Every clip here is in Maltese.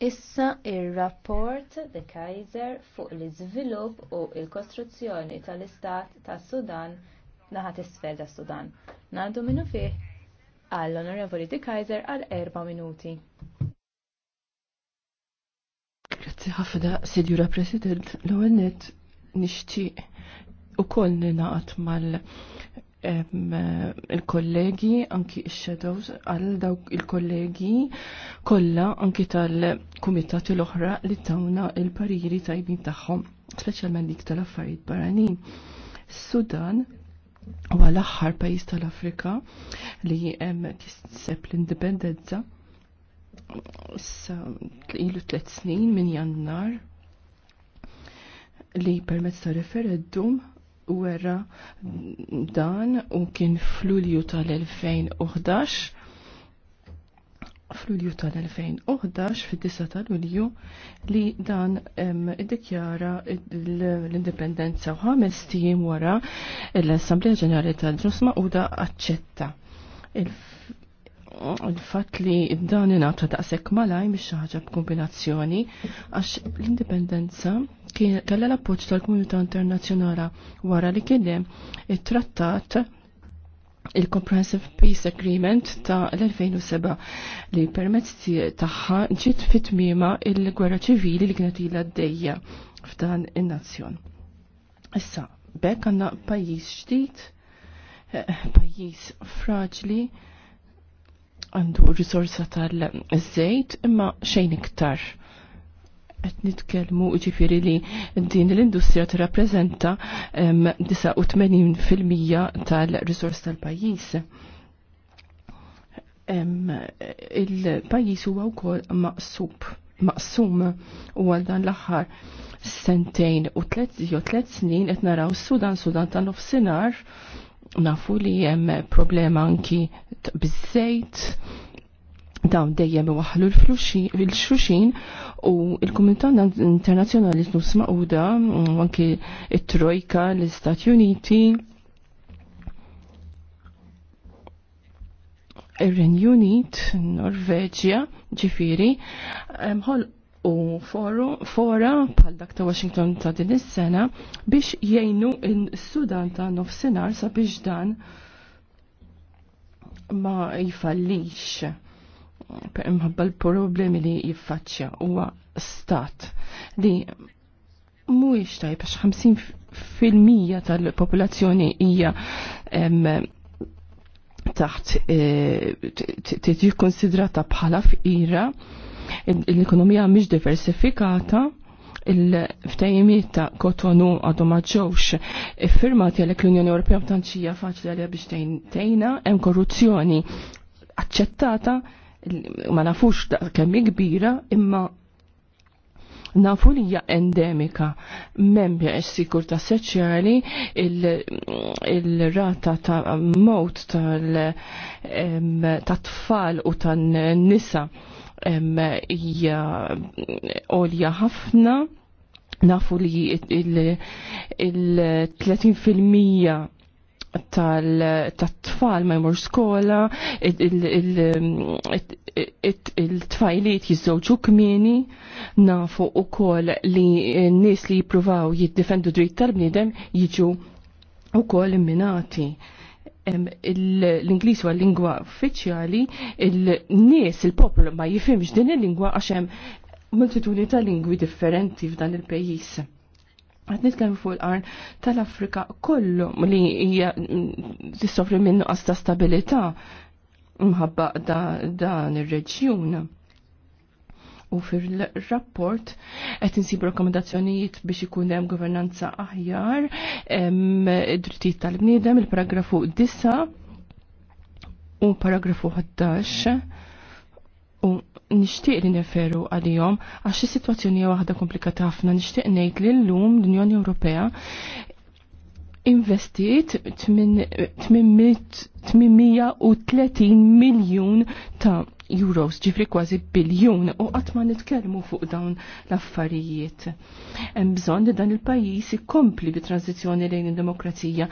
Issa il rapport de Kaiser fuq l-iżvilupp u l-kostruzzjoni tal-Istat tas Sudan naħat isfel ta' Sudan. Nandu minnu fih għall-Onorevoli de Kaiser għal erba' minuti. Grazzi ħafna, Sidjura President, l-għonet nixtieq u koll ninaqat mal Eh, il-kollegi, anki il-shadows, għal dawk il-kollegi kolla anki tal-kumitati l-oħra li tawna il-pariri tajbin tagħhom, speċjalment dik tal-affarijiet barranin. Sudan huwa l-aħħar pajjiż tal-Afrika li hemm kiseb l-indipendenza ilu tliet snin minn jannar li permezz ta' referendum wera dan u kien f'Lulju tal-2011 f'Lulju tal-2011 fid-9 ta' Lulju li dan iddikjara l-indipendenza u ħames tim wara l-Assemblea Ġenerali tal u da aċċetta il-fat li dan ta' daqshekk malaj mhix ħaġa b'kombinazzjoni għax l-indipendenza kellha l-appoġġ tal-Komunità Internazzjonali wara li kien hemm it-trattat il-Comprehensive Peace Agreement ta' l-2007 li permezz tagħha ġiet fit-tmiema il-gwerra ċivili li kienet ilha għaddejja f'dan in-nazzjon. Issa, bekk għandna pajjiż ġdid, eh, pajjiż fraġli, għandu risorsa tal-żejt imma xejn iktar. Qed nitkellmu ġifiri li din l-industrija tirrappreżenta 89% tal-risors tal-pajjiż. Il-pajjiż huwa wkoll maqsub maqsum u għal dan l-aħħar sentejn u tlet jew tlet snin qed naraw Sudan Sudan ta' nofsinhar nafu li jem problema anki bizzejt dawn dejjem waħlu l-xuxin u il-Komunità Internazzjonali Nus Mauda u mm, anki it-Trojka l-Istati Uniti ir-Renju Unit, Norveġja, ġifiri, u fora bħal dak ta' Washington ta' din is-sena biex jgħinu in sudan ta' nofsinhar sabiex dan ma jifallix imħabba l-problemi li jiffaċċja huwa stat li mhuwiex tajb għax 50% tal-popolazzjoni hija taħt tiġi konsidrata bħala fqira l-ekonomija mhix diversifikata il-ftajimiet ta' kotonu għadhom ma ġewx iffirmati għalhekk l-Unjoni Ewropea b'tanċija faċli għalja biex tgħinna hemm korruzzjoni aċċettata ma nafux kemm kbira imma nafu li hija endemika sikur ta' soċjali il-rata ta' mot tal-tfal u tan-nisa hija għolja ħafna nafu li il-30% tal-tfal ma jmur skola, il-tfajliet jizzowġu kmini, nafu u kol li n-nis li jipruvaw jiddefendu dritt tal-bnidem jiġu u kol imminati l-Inglis huwa lingwa uffiċjali, il-nies, il-poplu ma jifimx din il-lingwa għax hemm multitudni ta' lingwi differenti f'dan il-pejjiż. Għad nitkellem fuq l qarn tal-Afrika kollu li hija mm, tissofri minnu qasta stabilità mħabba dan ir reġjuna u fil-rapport qed insib rakkomandazzjonijiet biex ikun hemm governanza aħjar, id-drittijiet tal-bniedem, il-paragrafu 9 u paragrafu 11 u nixtieq li neferu għalihom għax is-sitwazzjoni waħda komplikata ħafna nixtieq ngħid li llum l-Unjoni Ewropea investit 800 830 miljun ta' euros, ġifri kważi biljun, u għatma nitkelmu fuq dawn l-affarijiet. Bżon li dan il-pajis ikompli bi tranzizjoni lejn il-demokrazija,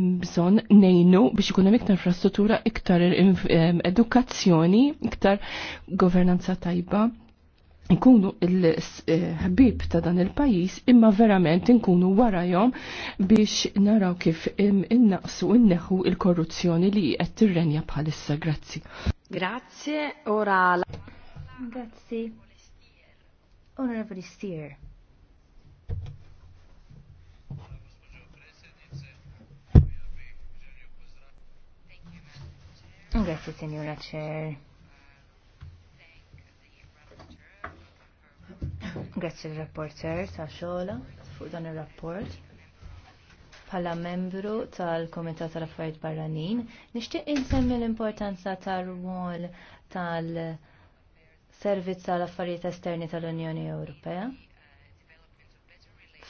mbżon nejnu biex ikun hemm iktar infrastruttura, iktar eh, edukazzjoni, iktar governanza tajba nkunu il-ħbib ta' dan il-pajis imma verament nkunu jom biex naraw kif innaqsu inneħu il-korruzzjoni li qed tirrenja bħalissa. Grazzi. Grazie, la... Grazzi. Onorevoli Stier. Grazie, signora Cher. Grazzi l-rapporter ta' xola fuq dan il-rapport. Pala membru tal-Komitat tal-Affarijiet Barranin, nixtieq insemmi l-importanza tal-rwol tal-Servizz tal-Affarijiet Esterni tal-Unjoni Ewropea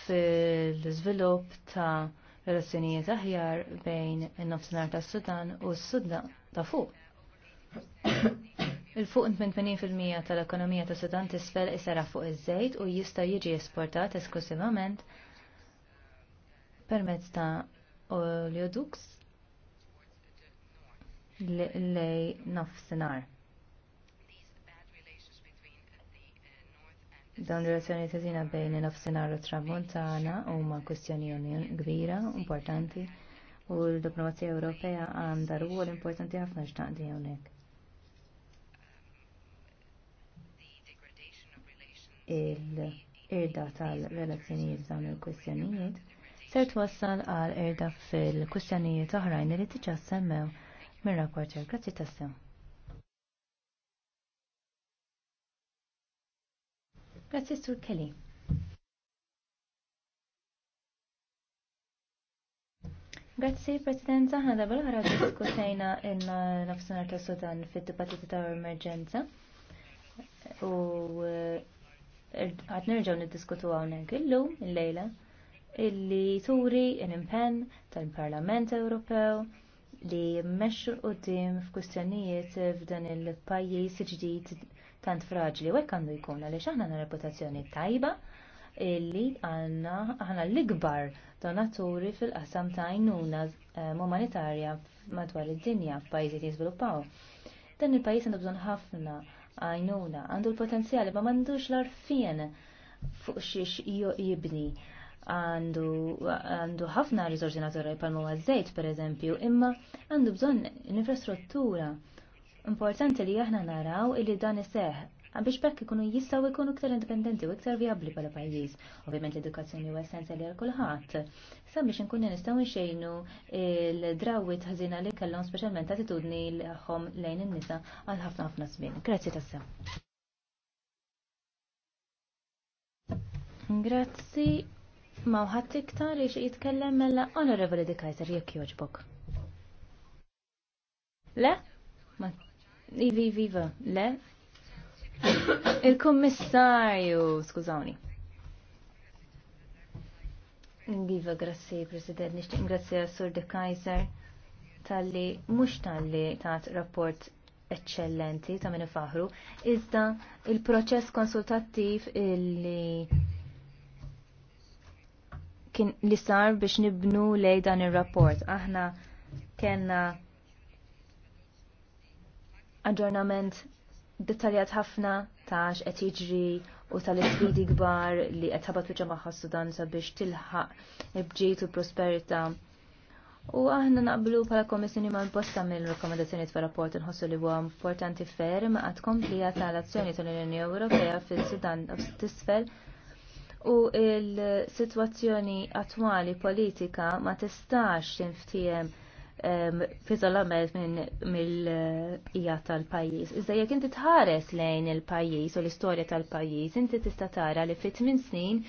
fil-żvilupp ta' relazzjonijiet aħjar bejn in-nofsinhar tas-Sudan u s-Sudan ta' fuq. Il-fuq 80% tal-ekonomija ta' Sudan tisfel isara fuq iż-żejt u jista' jiġi esportat esklusivament permezz ta' oleoduks lej nofsinhar. Dawn relazzjoni teżina bejn il-nofsinhar u tramuntana huma kwistjoni kbira, importanti, u l-diplomazija Ewropea għandha rwol importanti ħafna x'taqdi hawnhekk. il-irda tal-relazzjonijiet dawn il-kwistjonijiet ser twassal għal irda fil-kwistjonijiet oħrajn li tiġa semmew mir-rapporter. Grazzi tassew. Grazzi Sur Kelly. Grazzi, President, aħna dabel ħara diskutajna il nafsunar ta' Sudan fit-dibattiti ta' emerġenza u għad nerġaw niddiskutu hawnhekk illum illejla illi turi l-impenn tal-Parlament Ewropew li mmexxu l-qudiem f'kwistjonijiet f'dan il-pajjiż ġdid tant fraġli u għandu jkun għaliex aħna għandna reputazzjoni tajba illi għandna aħna l-ikbar donaturi fil-qasam ta' għajnuna eh, umanitarja madwar id-dinja f'pajjiżi jiżviluppaw. Dan il-pajis għandu bżon ħafna għajnuna, għandu l-potenzjali, ma mandux l-arfien fuq xiex jibni. Għandu ħafna rizorsi naturali palmu għazzejt, per eżempju, imma għandu bżon l-infrastruttura. Importanti li aħna naraw illi dan iseħ biex bekk ikunu jistgħu jkunu iktar indipendenti u iktar viabli bħala pajjiż. Ovvijament l-edukazzjoni essenza li għal kulħadd. Sabiex biex nkunu nistgħu nxejnu l-drawi tħazina li kellhom speċjalment attitudni l-ħom lejn in-nisa għal ħafna ħafna żmien. Grazzi tassew. Grazzi ma uħat iktar ix jitkellem mella Honorable De Kaiser jekk joġbok. Le? Ma... Ivi, viva, le? Il-kommissarju, skużawni. Ngiva, grazzi, President. Nishtiq grazzi Sur De Kaiser tal-li, mux tal-li tat rapport eccellenti ta' minn faħru, iżda il-proċess konsultattiv illi kien li sar biex nibnu lej dan il-rapport. Aħna kena aġġornament dettaljat ħafna ta' qed jiġri u tal-isfidi kbar li qed ħabat wiċċa magħha Sudan sabiex tilħaq il-bġiet u prosperità. U aħna naqblu bħala komissjoni ma' bosta mill rekomendazzjoni ta' rapport nħossu li huwa importanti ferm għad komplija tal-azzjoni tal-Unjoni Ewropea fil-Sudan tisfel u il-sitwazzjoni attwali politika ma tistax tinftiem fizzolament minn mill ija tal-pajjiż. Iżda jekk inti tħares lejn il-pajjiż u l-istorja tal-pajjiż, inti tista' tara li fit tmien snin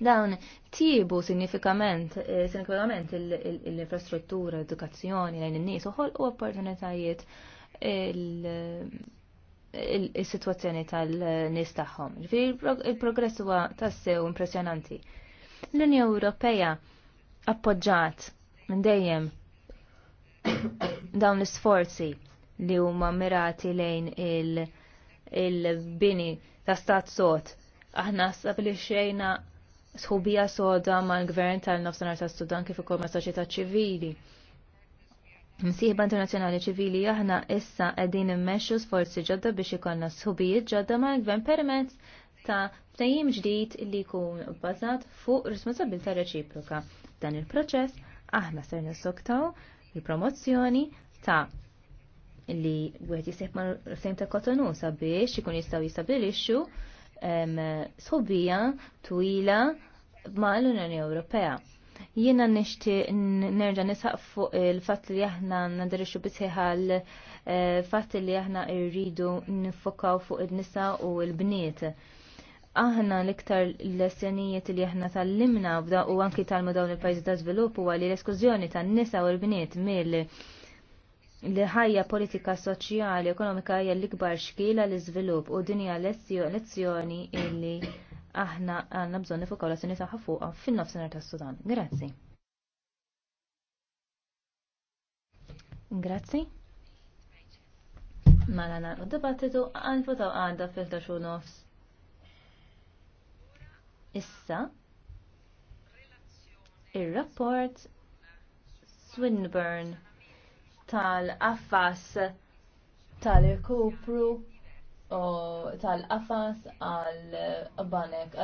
dawn tibu sinifikament eh, sinifikament l-infrastruttura, edukazzjoni lejn in-nies u u opportunitajiet il-situazzjoni tal-nies tagħhom. il-progress huwa tassew impressjonanti. L-Unja Ewropea appoġġat minn dejjem dawn l-sforzi li huma mirati lejn il-bini il ta' stat sot. Aħna li xejna sħubija soda mal gvern tal-nofsenar ta' Sudan kif ukoll ma' soċjetà ċivili. Msieħba internazzjonali ċivili aħna issa qegħdin immexxu sforzi ġodda biex ikollna sħubijiet ġodda mal-gvern permezz ta' tajjim ġdid li jkun bbażat fuq responsabilità reċiproka dan il-proċess aħna ser nissoktaw il-promozzjoni ta' li għet jisib ma' sejm ta' kotonu sabiex ikun jistaw jistabilixxu sħobija twila ma' l-Unjoni Ewropea. Jiena nishti nerġa nisaq fuq il-fat li aħna nadirixu bisħiħal eh, fatt li aħna irridu nifokaw fuq id-nisa u l-bniet aħna l-iktar l-lessjonijiet li aħna tal-limna bda u anki tal-mu dawn il-pajzi ta' svilup huwa li l-eskużjoni tan-nisa u l-bniet mill li ħajja politika soċjali ekonomika hija l-ikbar xkila l iżvilupp u dinja lezzjoni illi aħna għandna bżonn nifukaw l-azzjoni fuqha fin-nofsinhar tas-Sudan. Grazzi. Grazzi. Mala u dibattitu għandvotaw għadha fil-taxu nofs. Issa, ir-rapport Swinburne tal-affas tal-irkupru tal-affas għal-banek.